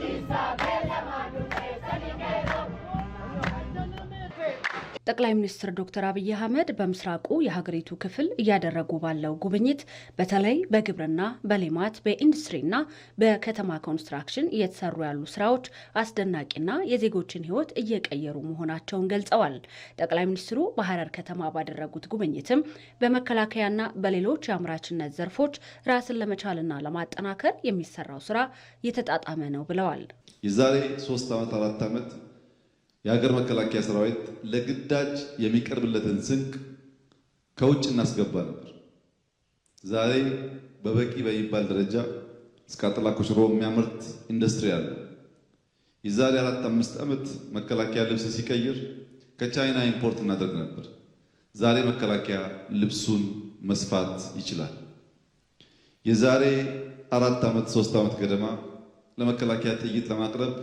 Isabel. ጠቅላይ ሚኒስትር ዶክተር አብይ አህመድ በምስራቁ የሀገሪቱ ክፍል እያደረጉ ባለው ጉብኝት በተለይ በግብርና፣ በሌማት፣ በኢንዱስትሪና በከተማ ኮንስትራክሽን እየተሰሩ ያሉ ስራዎች አስደናቂና የዜጎችን ሕይወት እየቀየሩ መሆናቸውን ገልጸዋል። ጠቅላይ ሚኒስትሩ በሀረር ከተማ ባደረጉት ጉብኝትም በመከላከያና በሌሎች የአምራችነት ዘርፎች ራስን ለመቻልና ለማጠናከር የሚሰራው ስራ የተጣጣመ ነው ብለዋል። የዛሬ ሶስት ዓመት አራት ዓመት የሀገር መከላከያ ሰራዊት ለግዳጅ የሚቀርብለትን ስንቅ ከውጭ እናስገባ ነበር። ዛሬ በበቂ በሚባል ደረጃ እስከ አጥላ ኮሽሮ የሚያመርት ኢንዱስትሪ አለ። የዛሬ አራት አምስት ዓመት መከላከያ ልብስ ሲቀይር ከቻይና ኢምፖርት እናደርግ ነበር። ዛሬ መከላከያ ልብሱን መስፋት ይችላል። የዛሬ አራት ዓመት ሶስት ዓመት ገደማ ለመከላከያ ጥይት ለማቅረብ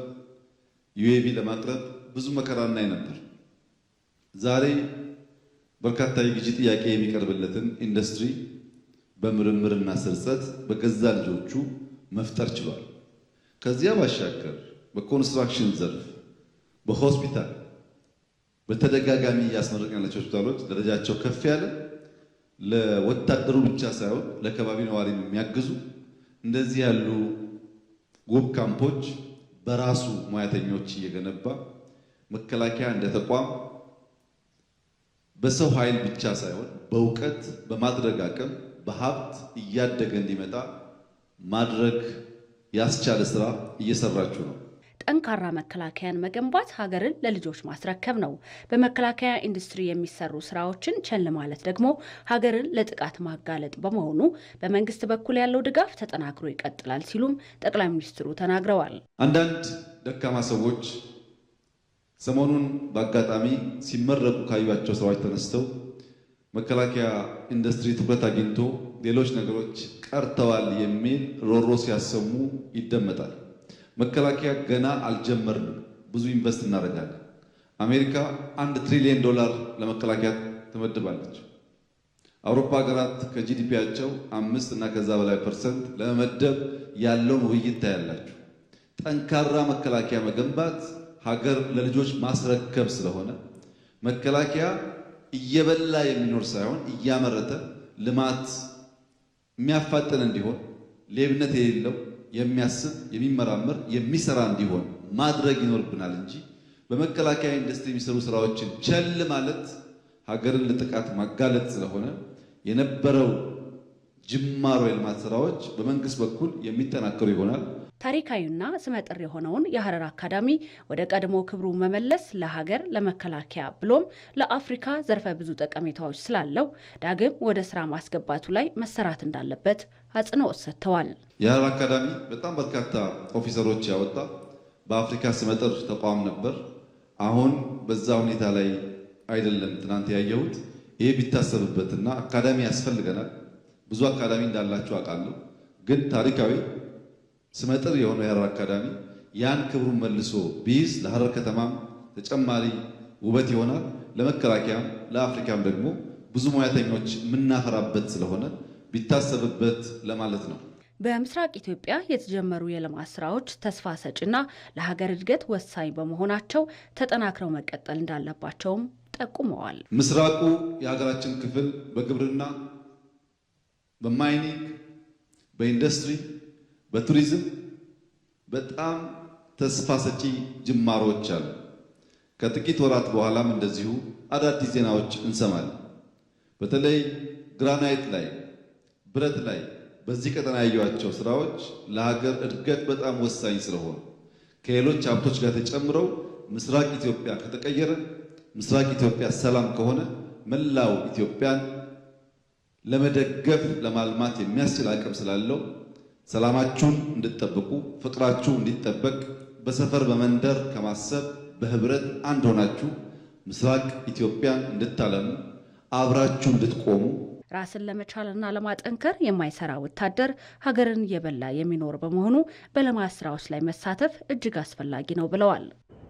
ዩኤቪ ለማቅረብ ብዙ መከራ እናይ ነበር። ዛሬ በርካታ የግዢ ጥያቄ የሚቀርብለትን ኢንዱስትሪ በምርምርና ስርጸት በገዛ ልጆቹ መፍጠር ችሏል። ከዚያ ባሻገር በኮንስትራክሽን ዘርፍ፣ በሆስፒታል በተደጋጋሚ እያስመረቅን ያላቸው ሆስፒታሎች ደረጃቸው ከፍ ያለ ለወታደሩ ብቻ ሳይሆን ለከባቢ ነዋሪ የሚያግዙ እንደዚህ ያሉ ውብ ካምፖች በራሱ ሙያተኞች እየገነባ መከላከያ እንደ ተቋም በሰው ኃይል ብቻ ሳይሆን በእውቀት በማድረግ አቅም በሀብት እያደገ እንዲመጣ ማድረግ ያስቻለ ስራ እየሰራችሁ ነው። ጠንካራ መከላከያን መገንባት ሀገርን ለልጆች ማስረከብ ነው። በመከላከያ ኢንዱስትሪ የሚሰሩ ስራዎችን ቸል ማለት ደግሞ ሀገርን ለጥቃት ማጋለጥ በመሆኑ በመንግስት በኩል ያለው ድጋፍ ተጠናክሮ ይቀጥላል ሲሉም ጠቅላይ ሚኒስትሩ ተናግረዋል። አንዳንድ ደካማ ሰዎች ሰሞኑን በአጋጣሚ ሲመረቁ ካዩቸው ሰዎች ተነስተው መከላከያ ኢንዱስትሪ ትኩረት አግኝቶ ሌሎች ነገሮች ቀርተዋል የሚል ሮሮ ሲያሰሙ ይደመጣል። መከላከያ ገና አልጀመርንም፣ ብዙ ኢንቨስት እናደርጋለን። አሜሪካ አንድ ትሪሊየን ዶላር ለመከላከያ ትመድባለች። አውሮፓ ሀገራት ከጂዲፒያቸው አምስት እና ከዛ በላይ ፐርሰንት ለመመደብ ያለውን ውይይት ታያላችሁ። ጠንካራ መከላከያ መገንባት ሀገር ለልጆች ማስረከብ ስለሆነ መከላከያ እየበላ የሚኖር ሳይሆን እያመረተ ልማት የሚያፋጥን እንዲሆን ሌብነት የሌለው የሚያስብ የሚመራመር የሚሰራ እንዲሆን ማድረግ ይኖርብናል እንጂ በመከላከያ ኢንዱስትሪ የሚሰሩ ስራዎችን ቸል ማለት ሀገርን ለጥቃት ማጋለጥ ስለሆነ የነበረው ጅማሮ የልማት ስራዎች በመንግስት በኩል የሚጠናከሩ ይሆናል። ታሪካዊና ስመጥር የሆነውን የሀረር አካዳሚ ወደ ቀድሞ ክብሩ መመለስ ለሀገር፣ ለመከላከያ ብሎም ለአፍሪካ ዘርፈ ብዙ ጠቀሜታዎች ስላለው ዳግም ወደ ስራ ማስገባቱ ላይ መሰራት እንዳለበት አጽንኦት ሰጥተዋል። የሀረር አካዳሚ በጣም በርካታ ኦፊሰሮች ያወጣ በአፍሪካ ስመጥር ተቋም ነበር። አሁን በዛ ሁኔታ ላይ አይደለም ትናንት ያየሁት። ይሄ ቢታሰብበትና አካዳሚ ያስፈልገናል። ብዙ አካዳሚ እንዳላቸው አውቃለሁ፣ ግን ታሪካዊ ስመጥር የሆነው የሐረር አካዳሚ ያን ክብሩን መልሶ ቢይዝ ለሐረር ከተማም ተጨማሪ ውበት ይሆናል። ለመከላከያም ለአፍሪካም ደግሞ ብዙ ሙያተኞች የምናፈራበት ስለሆነ ቢታሰብበት ለማለት ነው። በምስራቅ ኢትዮጵያ የተጀመሩ የልማት ስራዎች ተስፋ ሰጪና ለሀገር እድገት ወሳኝ በመሆናቸው ተጠናክረው መቀጠል እንዳለባቸውም ጠቁመዋል። ምስራቁ የሀገራችን ክፍል በግብርና፣ በማይኒንግ፣ በኢንዱስትሪ በቱሪዝም በጣም ተስፋ ሰጪ ጅማሮዎች አሉ። ከጥቂት ወራት በኋላም እንደዚሁ አዳዲስ ዜናዎች እንሰማለን። በተለይ ግራናይት ላይ፣ ብረት ላይ በዚህ ቀጠና ያዩዋቸው ስራዎች ለሀገር እድገት በጣም ወሳኝ ስለሆኑ ከሌሎች ሀብቶች ጋር ተጨምረው ምስራቅ ኢትዮጵያ ከተቀየረ፣ ምስራቅ ኢትዮጵያ ሰላም ከሆነ መላው ኢትዮጵያን ለመደገፍ ለማልማት የሚያስችል አቅም ስላለው ሰላማችሁን እንድትጠብቁ ፍቅራችሁ እንዲጠበቅ በሰፈር በመንደር ከማሰብ በህብረት አንድ ሆናችሁ ምስራቅ ኢትዮጵያን እንድታለሙ አብራችሁ እንድትቆሙ ራስን ለመቻልና ለማጠንከር የማይሰራ ወታደር ሀገርን እየበላ የሚኖር በመሆኑ በልማት ስራዎች ላይ መሳተፍ እጅግ አስፈላጊ ነው ብለዋል።